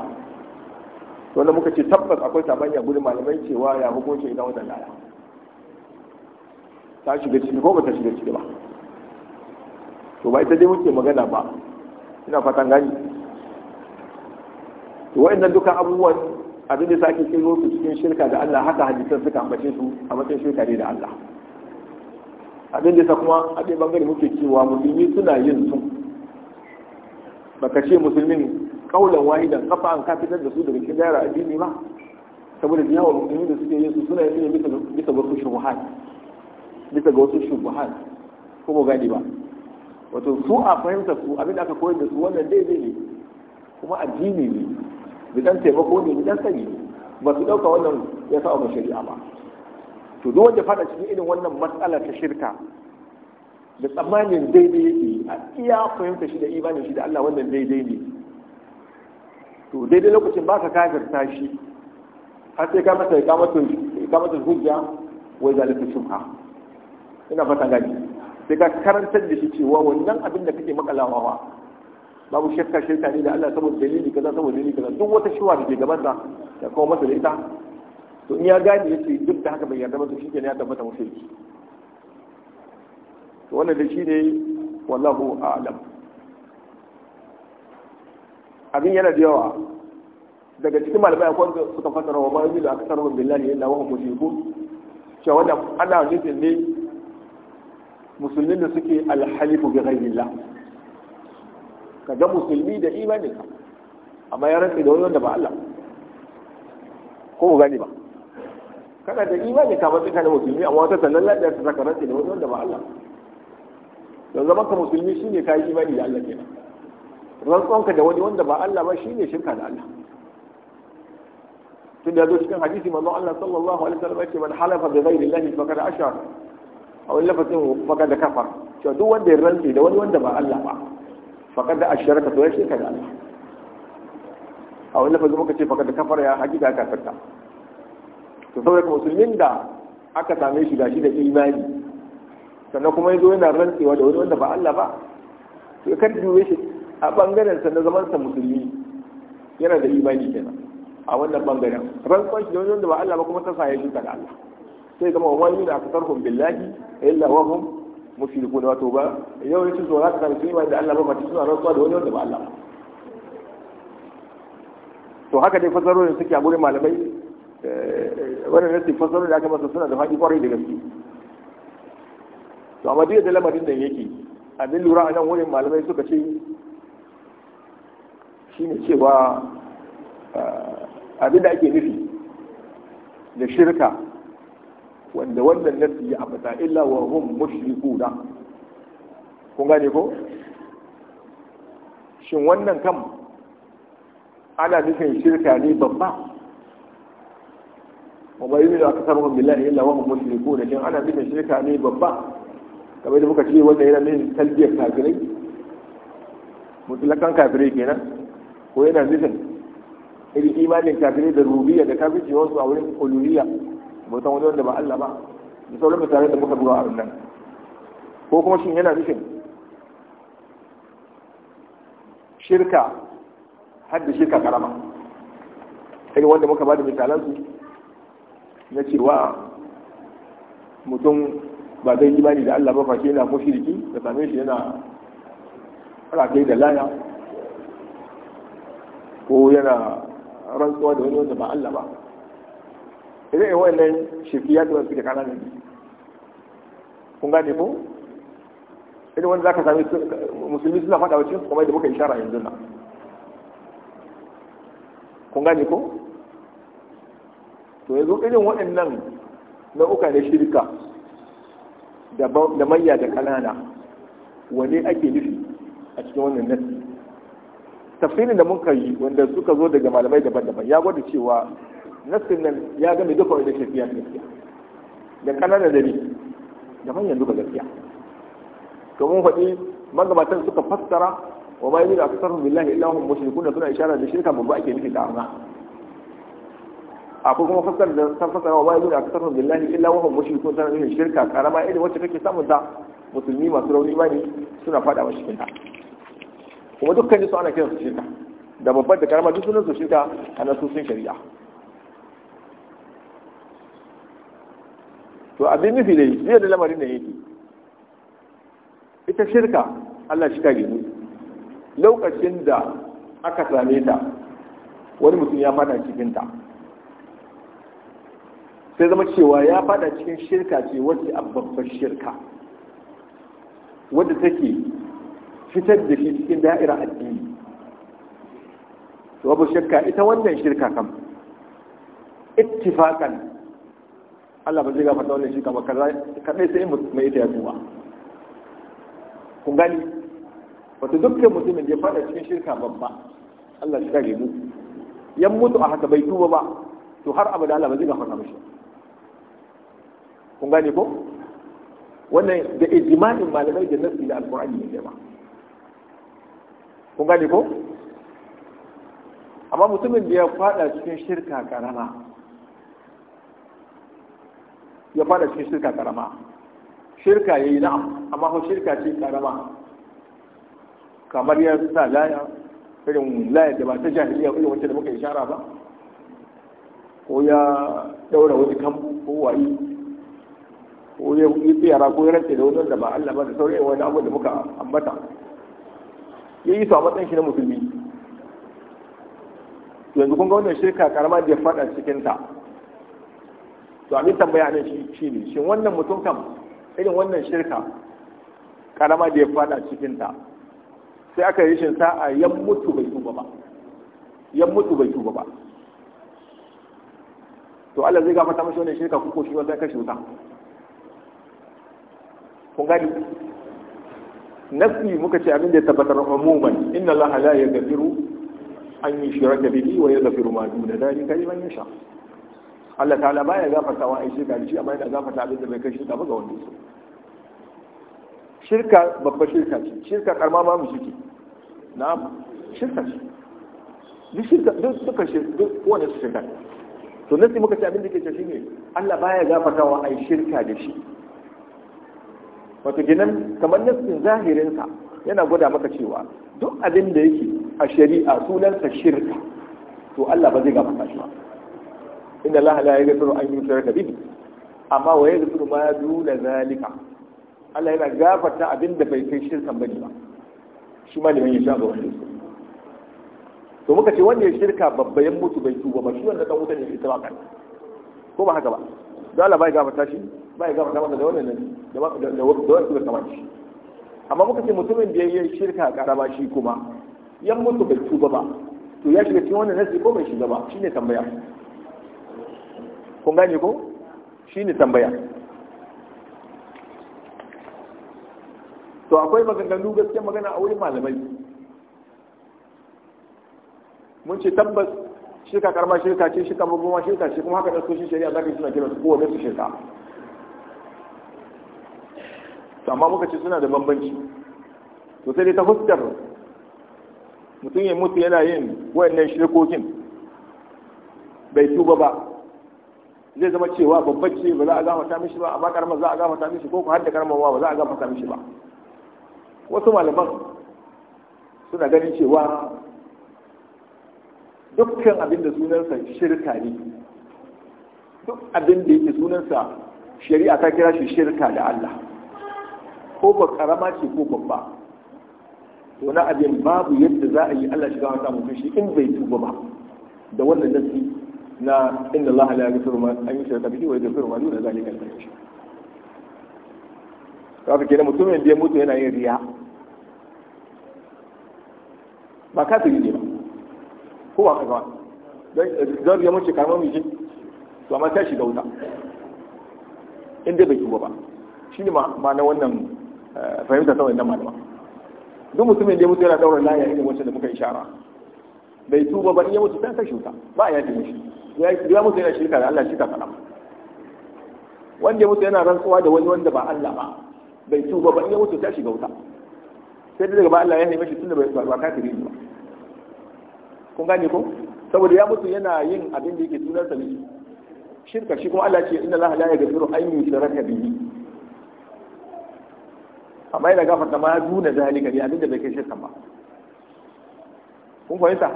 to da muka ce tabbas akwai sabani gudun malamai cewa ya hukunci idan wata laya ta shiga ciki ko bata ta shiga ciki ba to ba ita dai muke magana ba ina fatan gani to wa'annan duka abubuwan abin da sake kiro su cikin shirka da Allah haka hadisan suka ambace su a matsayin shirka ne da Allah abin da kuma abin bangare muke cewa musulmi suna yin su baka ce musulmin kaulan wahidan kafa an ka da su daga cikin daira addini ma saboda da yawan musulmi da suke yin su suna yin bisa bisa ga wasu shubuhat bisa ga wasu shubuhat ko ba gani ba wato su a fahimta su abin da aka koyar da su wannan daidai ne kuma addini ne bidan taimako ne bidan sani ba su dauka wannan ya sa wa shari'a ba to duk wanda fada cikin irin wannan matsalar ta shirka da tsammanin daidai ne, a iya fahimta shi da imanin shi da Allah wannan daidai ne to daidai lokacin ba ka ta shi har sai ka masa ikamatul hujja wai sun ha ina fata gani sai ka karantar da shi cewa wannan abin da kake makalawawa babu shakka shirka ne da Allah saboda dalili kaza saboda dalili kaza duk wata shiwa da ke gaban sa ya kawo masa da ita to in ya gane yace duk da haka bai yarda ba to ne ya tabbata mushriki to wannan da ne wallahu a'lam abin yana da yawa daga cikin malamai akwai da suka rawa ba yi da aka sarwa billahi illa wa ko cewa wanda ana nufin ne musulmin da suke alhalifu bi ka ga musulmi da imanin amma ya rantsi da wani wanda ba Allah ko ku gani ba kana da imani ka matsi kana musulmi amma wata sannan lafiya ta zaka rantsi da wani wanda ba Allah don zama ka musulmi shine kai imani da Allah kenan rantsuwanka da wani wanda ba Allah ba shine shirka da Allah tun da zo cikin hadisi mazan Allah sallallahu alaihi wasallam ce man halafa bi ghairi Allah da ashar a wani lafazin da kafar cewa duk wanda ya rantsi da wani wanda ba Allah ba faqad ka to ya shirka da Allah a wani lafazin muka ce faqad kafar ya hakika kafirta to saboda musulmin da aka same shi gashi da imani sannan kuma yazo yana rantsewa da wani wanda ba Allah ba to kan duwe shi a bangaren sa na zaman sa musulmi yana da imani kenan a wannan bangaren rantsuwa shi da wani wanda ba Allah ba kuma ta saye shi daga Allah sai zama wani da aka tarhum billahi illa wa hum mushrikun wato ba yau yace zo za ka san kima da Allah ba mace suna rantsuwa da wani wanda ba Allah ba to haka dai fasarorin suke a gurin malamai eh, wannan nasi fasarorin da aka masa suna da faɗi kwarai da gaske to amma duk da lamarin da yake abin lura a nan wurin malamai suka ce shine cewa abin da ake nufi da shirka wanda wannan nafsi ya abata illa wa hum da? kun gane ko shin wannan kam ana nufin shirka ne babba wa yi da aka sarrafa billahi illa wa hum da shin ana nufin shirka ne babba kamar da muka ce wannan yana nufin talbiyar kafirai mutlakan kafirai kenan ko yana nufin irin imanin kafirai da rubiya da kafirci wasu a wurin uluhiyya mutum wani wanda ba Allah ba da sauran mutane da muka buga a nan ko kuma shin yana nufin shirka har da shirka karama irin wanda muka ba da misalansu na cewa mutum ba zai imani da Allah ba fashe yana mushriki da same shi yana rakai da laya ko yana rantsuwa da wani wanda ba Allah ba idan yawan nan shirki ya tuwa suke kanan nabi kun gane ko idan wanda ka sami musulmi suna faɗa wacin kuma da muka ishara yanzu na kun gane ko to yanzu irin waɗannan nau'uka na shirka da mayya da kanana wane ake nufi a cikin wannan nasi tafsirin da mun yi wanda suka zo daga malamai daban-daban ya gwada cewa nassin nan ya gami duka wanda ke fiya gaskiya da kananan dare da manyan duka gaskiya to mun faɗi magabatan suka fassara wa ma yuridu aktsaruhum billahi illa hum mushrikun suna ishara da shirka babba ake nufin da amma akwai kuma fassara da san fassara wa ma yuridu aktsaruhum billahi illa hum mushrikun suna nufin shirka karama irin wacce kake samun ta musulmi masu rauni ne suna faɗa wa shirka kuma dukkan su ana kiran su shirka da babbar da karama duk sunan su shirka a nasusun shari'a to abin nufi dai biyar da lamarin da yake ita shirka Allah shi kage lokacin da aka same ta wani mutum ya fada cikin ta sai zama cewa ya fada cikin shirka ce wacce abbabbar shirka wadda take fitar da shi cikin da'ira addini to babu shakka ita wannan shirka kam ittifaqan Allah ba zai gafarta wannan shirka ba kadai sai mai ita ya tuba kun gani wato dukkan mutumin da ya fada cikin shirka babba Allah shi kare mu yan mutu a haka bai tuba ba to har abada Allah ba zai gafarta mishi kun gane ko wannan da ijma'in malamai da nasi da alqur'ani ne ba kun gani ko amma mutumin da ya fada cikin shirka karama ya fada cikin shirka karama shirka ya yi na'am amma ko shirka ce karama kamar ya sa laya irin laya da ba ta jahiliya irin wacce da muka ishara ba ko ya daura wani kan ko wayi ko ya yi tsayara ko ya rantse da wani da ba Allah ba da sauri wani abu da muka ambata ya yi su a matsayin shi na musulmi yanzu kun ga wannan shirka karama da ya faɗa cikin ta to abin tambaya ne shi shine shin wannan mutum kam irin wannan shirka karama da ya faɗa cikin ta sai aka yi shin sa'a yan mutu bai tuba ba yan mutu bai tuba ba to Allah zai gafarta mashi wannan shirka ko shi wata kashe wuta kun gani nasi muka ce abin da ya tabbatar umuman inna allaha la yaghfiru an yushraka bihi wa yaghfiru ma duna dhalika liman yasha Allah ta'ala baya gafarta wa ai shirka shi amma yana gafarta abin da bai kai shirka ba ga wanda su shirka babba shirka ce shirka karma ma mushriki na'am shirka ce duk shirka duk suka shirka duk wanda su shirka to nasi muka ce abin da ke ce shine Allah baya gafarta wa ai shirka da shi wato ginin kamar nassin zahirinsa yana gwada maka cewa duk abin da yake a shari'a sunansa shirka to Allah ba zai gafarta shi ba inna Allah la suru an yushraka bihi amma wa suru ma duna zalika Allah yana gafarta abin da bai kai shirkan bane ba shi ma liman yasha ga wanda to muka ce wanda ya shirka babban mutu bai tuba ba shi wanda dan wuta ne ita ba ko ba haka ba ba Allah bai gafarta shi bai gafarta masa da wannan nan da da da wasu da kamar shi amma muka ce mutumin da yayi shirka karama shi kuma yan mutu bai tuba ba to ya shiga cikin wannan nasi ko bai shiga ba shine tambaya kun gane ko shine tambaya to akwai maganganu gaskiya magana a wurin malamai mun ce tabbas shirka karma shirka ce shirka babban shirka ce kuma haka nasoshi shari'a za ka yi suna kiransu kowane su shirka amma muka ce suna da bambanci to sai dai ta fuskar mutum ya mutu yana yin wayannan shirkokin bai tuba ba zai zama cewa babban ce ba za a gama sami mishi ba amma karma za a gama sami mishi ko ku har da karmawa ba za a gama sami mishi ba wasu malaman suna ganin cewa dukkan abin da sunansa shirka ne duk abin da yake sunansa shari'a ta kira shi shirka da Allah ko ba karama ce ko babba wani abin babu yadda za a yi Allah shiga wata mutum shi in bai tuba ba da wannan nasi na inda Allah ya yaghfiru ma an yushraka bihi da za a yi zalika shi ka fi kenan mutumin da ya mutu yana yin riya ba ka kafiri ne ba ko ba kaga eh, don ya mace kamar miji to amma ta shiga wuta inda bai tuba ba shi ne ma na wannan eh, fahimta ta wannan malama duk mutumin da ya mutu yana daura laya irin wacce da muka ishara bai tuba ba in ya mutu ta ta shuta ba a yaji mishi ya mutu yana shirka da Allah shi ta sana wanda ya mutu yana rantsuwa da wani wanda ba Allah ba bai tuba ba in ya mutu ta shiga wuta sai daga ba Allah ya nemi shi tunda bai ba kafiri ba kun gane ko saboda ya mutu yana yin abin da yake sunan sami shirka shi kuma Allah ce inna Allah la yaghfiru an yushraka bihi amma ina gafarta ma duna zalika ne abin da bai kai shirka ba kun fahimta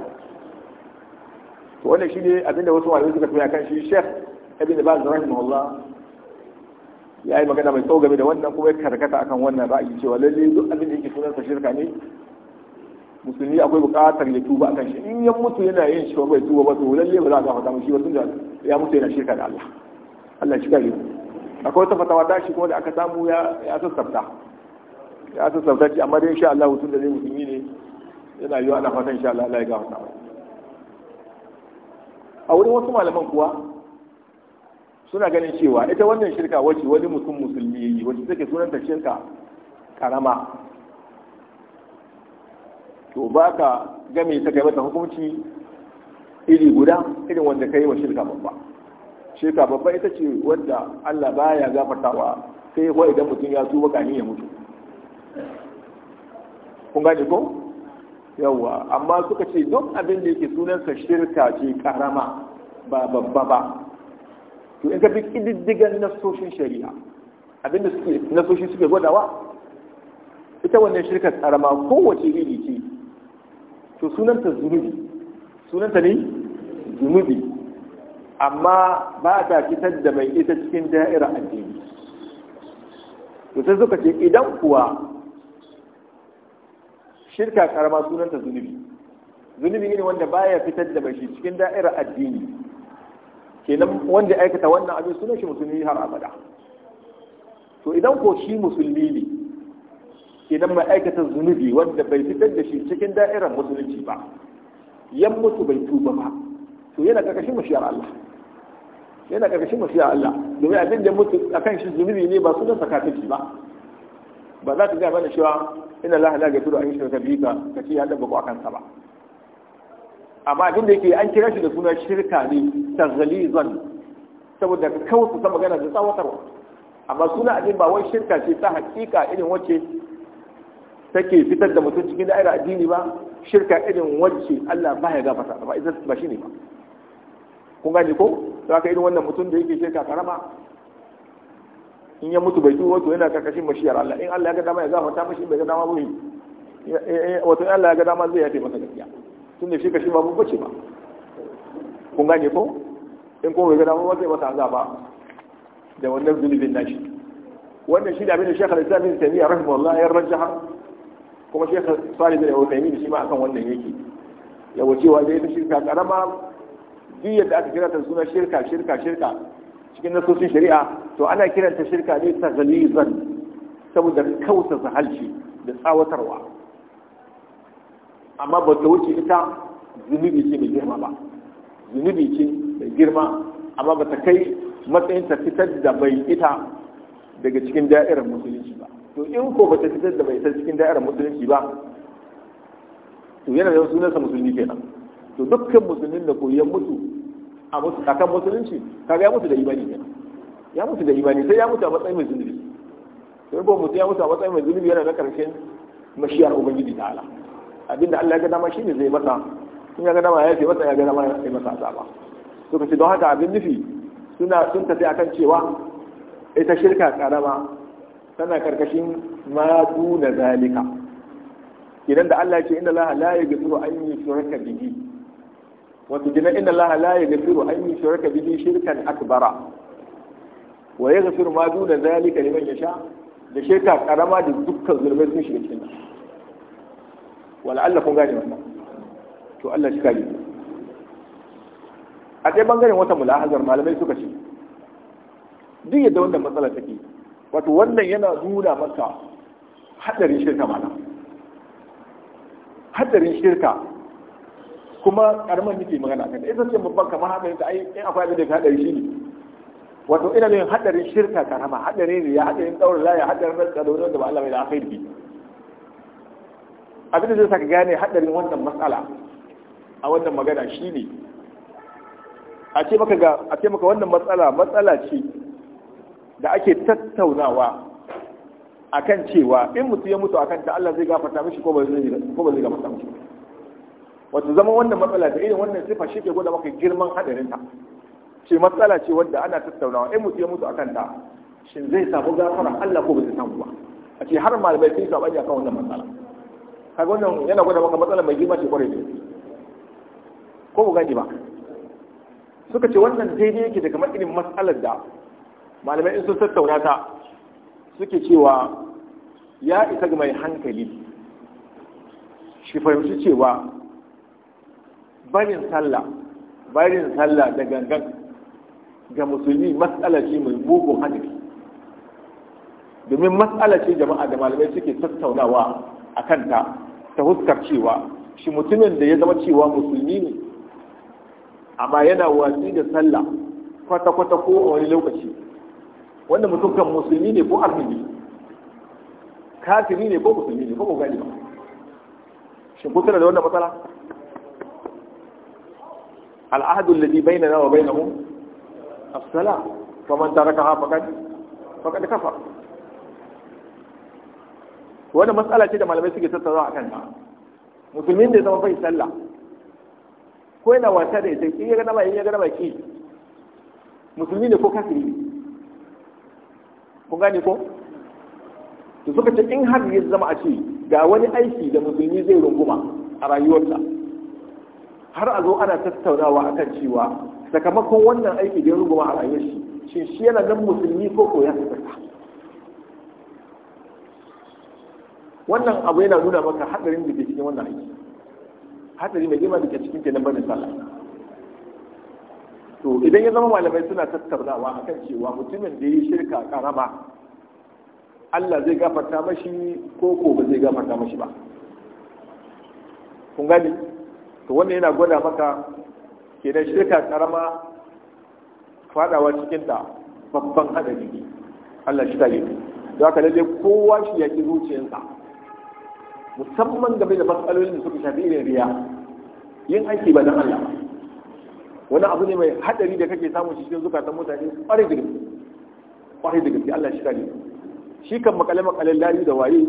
to wannan shi ne abin da wasu wani suka koya kan shi Sheikh Ibn Baz Allah ya yi magana mai tsawo game da wannan kuma ya karkata akan wannan ra'ayi cewa lalle duk abin da yake sunan sa shirka ne musulmi akwai buƙatar ya tuba kan shi in ya mutu yana yin shi bai tuba ba to lalle ba za a gafarta mishi ba da ya mutu yana shirka da Allah Allah shi kare akwai wata fatawa ta shi kuma da aka samu ya ya sassafta ya sassafta shi amma dai insha Allah da zai musulmi ne yana yiwa ana fatan insha Allah Allah ya gafarta a wurin wasu malaman kuwa suna ganin cewa ita wannan shirka wacce wani mutum musulmi yi wacce take sunanta shirka karama to ba ka game ta kai mata hukunci iri guda irin wanda ka yi wa shirka babba shirka babba ita ce wadda Allah baya gafartawa sai kuwa idan mutum ya tuba kani ya mutu kun gane ko Yawwa. amma suka ce duk abin da yake sunansa shirka ce karama ba babba ba to in ka fi ƙididdigan nasoshin shari'a abinda suke nasoshi suke gwadawa ita wannan shirkar karama kowace iri ce to sunanta zunubi sunanta ne zunubi amma ba ta fitar da mai ita cikin da'ira addini to sai suka ce idan kuwa shirka karama sunanta zunubi zunubi ne wanda baya fitar da mai shi cikin da'ira addini kenan wanda aikata wannan abin sunan shi musulmi har abada to idan ko shi musulmi ne kenan mai aikata zunubi wanda bai fitar da shi cikin da'irar musulunci ba yan mutu bai tuba ba to yana karkashin mashiyar Allah yana karkashin mashiyar Allah domin abin da mutu akan shi zunubi ne ba su da sakataki ba ba za ka ga bane cewa ina Allah la gafiru an shirka bi ka kace ya dabba ko akan sa ba amma abin da yake an kira shi da suna shirka ne tazalizan saboda kawai su ta magana da tsawatarwa amma suna abin ba wai shirka ce ta hakika irin wacce take fitar da mutum cikin da'ira addini ba shirka irin wacce Allah ba ya gafarta ba idan ba shine ba kun gane ko to aka irin wannan mutum da yake shirka karama in ya mutu bai tuwo to yana karkashin mashiyar Allah in Allah ya ga dama ya gafarta mashi bai ga dama ba eh, eh, wato Allah ya ga dama zai yafe masa gaskiya tun da shirka shi ba mun bace ba kun gane ko in ko bai ga dama ba zai masa azaba da wannan zulubin nashi wannan shi da abin da Sheikh Al-Islam Ibn Taymiyyah rahimahullah ya rajaha kuma shi ya sani da yawon shi ma akan wannan yake yawon cewa zai ta shirka karama duk yadda aka kira ta suna shirka shirka shirka cikin nasosin shari'a to ana kiranta shirka ne ta galizan saboda kausa zahalci da tsawatarwa amma ba ta wuce ita zunubi ce mai girma ba zunubi ce mai girma amma ba ta kai matsayin ta fitar da bai ita daga cikin da'irar musulunci ba to in ko bata fitar da mai ta cikin da'ar musulunci ba to yana da sunansa musulmi kenan to dukkan musulmin da koyan mutu a akan musulunci kaga ya mutu da imani kenan ya mutu da imani sai ya mutu a matsayin mai zunubi sai ba mutu ya mutu a matsayin mai zunubi yana da karshen mashiyar ubangiji ta ala abinda Allah ya ga dama shine zai masa in ya ga dama ya ce masa ya ga dama ya masa azaba to kace don haka abin nufi suna sun tafi akan cewa ita shirka karama tana karkashin ma duna zalika idan da Allah ce inda Allah la yaghfiru an yi yushraka bihi wato kina inda Allah la yaghfiru an yi yushraka bihi shirkan akbara wa yaghfiru ma duna zalika liman yasha da shirka karama da dukkan zulmai sun shiga cikin wala Allah kun gane wannan to Allah shi kare a dai bangaren wata mulahazar malamai suka ce duk yadda wannan matsala take wato wannan yana nuna maka hadarin shirka mana hadarin shirka kuma karamin nufi magana kan ita ce babban kamar hadarin da ai in akwai abin da ka hadari shi ne wato ina yin hadarin shirka karama hadarin ne ya hadarin daura laya hadarin rantsa da wani da ba Allah mai da bi abin da zai saka gane hadarin wannan matsala a wannan magana shi ne a ce maka wannan matsala matsala ce da ake tattaunawa a kan cewa in mutu ya mutu kan ta Allah zai gafarta mishi ko ba zai gafarta mishi wato zama wannan matsala da irin wannan sifa shi ke gwada maka girman haɗarin ta ce matsala ce wadda ana tattaunawa in mutu ya mutu kan ta shin zai samu gafara Allah ko ba zai samu ba a ce har malamai sun sabani kan wannan matsala kaga wannan yana gwada maka matsala mai girma ce kwarai da ko ku gani ba suka ce wannan daidai yake daga kamar irin matsalar da malamai in sun tattauna ta suke cewa ya isa ga mai hankali shi fahimci cewa barin sallah barin sallah da gangan ga musulmi matsala ce mai mugun hadari domin matsala ce jama'a da malamai suke tattaunawa a kanta ta huskar cewa shi mutumin da ya zama cewa musulmi ne amma yana watsi da sallah kwata-kwata ko a wani lokaci wanda mutum kan musulmi ne ko arziki kafiri ne ko musulmi ne ko ko gani ba shin kun tana da wannan matsala al'ahadu alladhi bainana wa bainahum as-salam faman ha faqad faqad kafara wannan matsala ce da malamai suke tattaunawa akan ta musulmin da ya zama bai sallah ko yana wata da ita in ya ga dama in ki musulmi ne ko kafiri kun gane ko to suka ce in har ya zama a ce ga wani aiki da musulmi zai runguma a rayuwarsa har a zo ana tattaunawa akan cewa sakamakon wannan aiki da ya runguma a rayuwar shi shi shi yana nan musulmi ko ko ya tsaka wannan abu yana nuna maka hadarin da ke cikin wannan aiki hadari mai girma da ke cikin kenan bane sallah to idan ya zama malamai suna tattaunawa akan cewa mutumin da ya yi shirka karama Allah zai gafarta mashi ko ko ba zai gafarta mashi ba kun gani to wannan yana gwada maka kenan shirka karama fadawa cikin ta babban hadari ne Allah shi tare da haka lalle kowa shi ya ƙi zuciyarsa musamman game da matsalolin da suka shafi irin riya yin aiki ba dan Allah ba wani abu ne mai hadari da kake samun shi cikin zukatan mutane kwarai da gaske kwarai da gaske Allah shi kare shi kan makale makalen lari da waye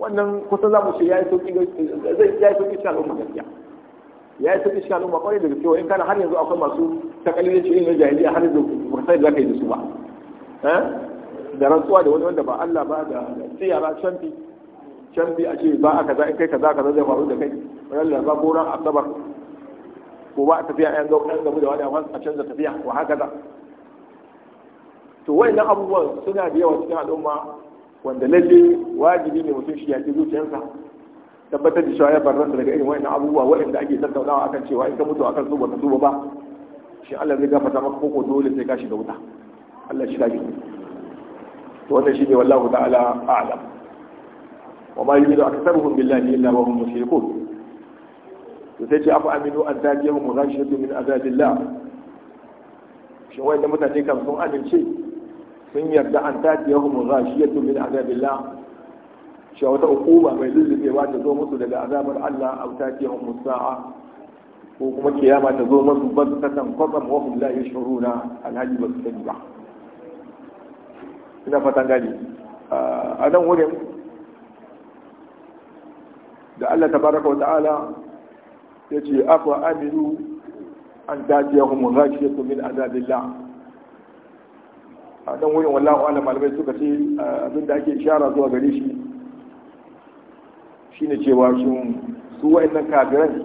wannan kusan za mu ce yayi sauki zai yayi sauki cikin al'umma gaskiya yayi sauki cikin al'umma kwarai da gaske in kana har yanzu akwai masu takalilin cikin ne jahiliya har yanzu ba sai da kai da su ba eh? da rantsuwa da wani wanda ba Allah ba da sai yara canfi canfi a ce ba a kaza in kai kaza kaza zai faru da kai wannan ba ko a asabar ko ba a tafiya yan ga ɗan gaba da wani amma a canza tafiya ko haka za? to wai na abubuwan suna da yawa cikin al'umma wanda lalle wajibi ne mutum shi yaƙi zuciyarsa tabbatar da cewa ya barranta daga irin wayannan abubuwa wayanda ake tattaunawa akan cewa in ka mutu akan su ka tuba ba shi Allah zai gafarta maka koko dole sai ka shiga wuta Allah shi kage to wannan shine wallahu ta'ala a'lam wa ma yuridu aktharuhum billahi illa wa hum mushrikun to sai ce afa aminu an tafiya mu ghashiyatu min azabillah shi wai da mutane kan sun amince sun yarda an tafiya mu ghashiyatu min azabillah shi wata hukuma mai lullube lullubewa ta zo musu daga azabar Allah aw tafiya mu sa'a ko kuma kiyama ta zo musu bazzatan kwatsam wa hum la yashuruna alhaji ba su sani ba ina fatan gani a nan wurin da Allah tabaraka wa ta'ala ya ce afa aminu an dajiya kuma mu ya kumin azabillah a nan wani wallahu ala malamai suka ce da ake ishara zuwa gare shi shine cewa sun su wa'annan kafiran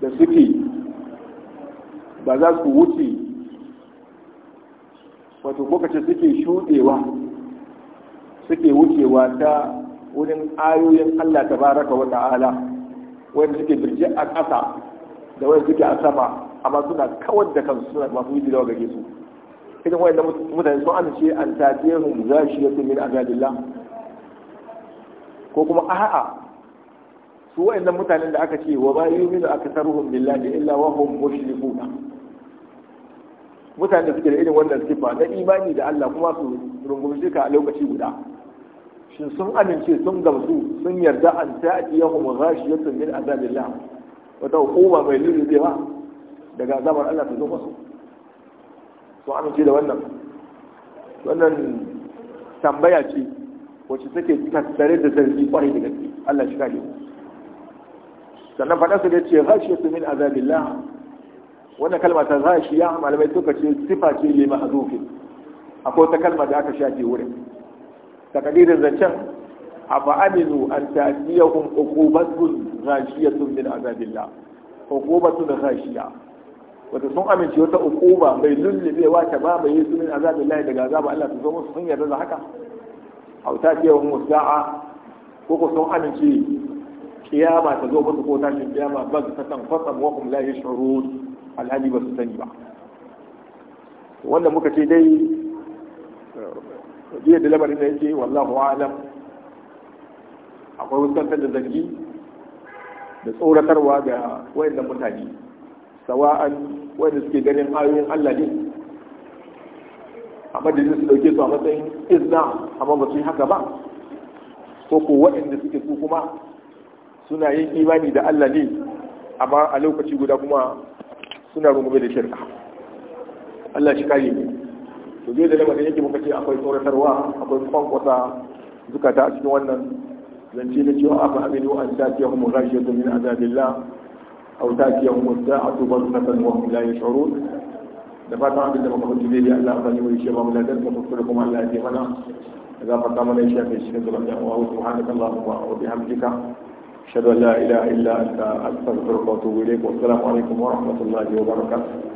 da suke ba za su wuce wato kace suke shudewa suke wucewa ta wurin ayoyin Allah tabaraka wa ta'ala wanda suke birje a ƙasa da wanda suke a sama amma suna kawar da kansu suna masu yi dawa gare su idan wanda mutane sun amince an tafiye hun za shi ya min azabillah ko kuma a'a su wa'annan mutanen da aka ce wa ba yu'minu aktharuhum billahi illa wa hum mushrikuna Mutane da suke da irin wannan sifa na imani da Allah kuma su rungumi shirka a lokaci guda shi sun amince sun gamsu sun yarda an ta ake yahu mu zashi ya tumbin azabillah wata hukuma mai lullubewa daga azabar Allah ta zo masu sun amince da wannan wannan tambaya ce wacce take tattare da zargi kwarai da gaske Allah shi kare sannan faɗa su da ce zashi ya tumbin azabillah wannan kalma ta shi ya malamai suka ce sifa ce lima azufin akwai wata kalma da aka shafe wurin takadirin zancen afa aminu an ta'tiyahum uqubatun ghashiyatun min azabillah uqubatun ghashiya wata sun amince wata uquba bai lullubewa ta ba bai yusu min azabillah daga azaba Allah su zo musu sun yarda da haka aw ta'tiyahum musa'a ko ko sun amince kiyama ta zo musu ko tashin kiyama ba su san kwatsam wa hum la yash'urun alhali ba su sani ba wanda muka ce dai jiya da labarin da yake wallahu alam akwai fuskantar da zargi da tsoratarwa ga wayannan mutane sawa'an da suke ganin ayoyin Allah ne amma da su dauke su a matsayin izna amma ba su yi haka ba ko ko da suke su kuma suna yin imani da Allah ne amma a lokaci guda kuma suna rungume da shirka Allah shi kare mu to zai da lamarin yake muka ce akwai tsoratarwa akwai kwankwata, zukata a cikin wannan zance da cewa afa aminu an a hum ghashiyatun min azabillah aw tafiya hum sa'atu barzatan wa hum ya yash'urun da fatan abin da muka hudu zai da Allah ba ne mai shi ba mu da darka kuskure kuma Allah ya ce mana za mu kama da shi a kai shi ne zuwa da wa subhanallahi wa bihamdika أشهد أن لا إله إلا أنت wuri ko salamu والسلام wa ورحمة wa وبركاته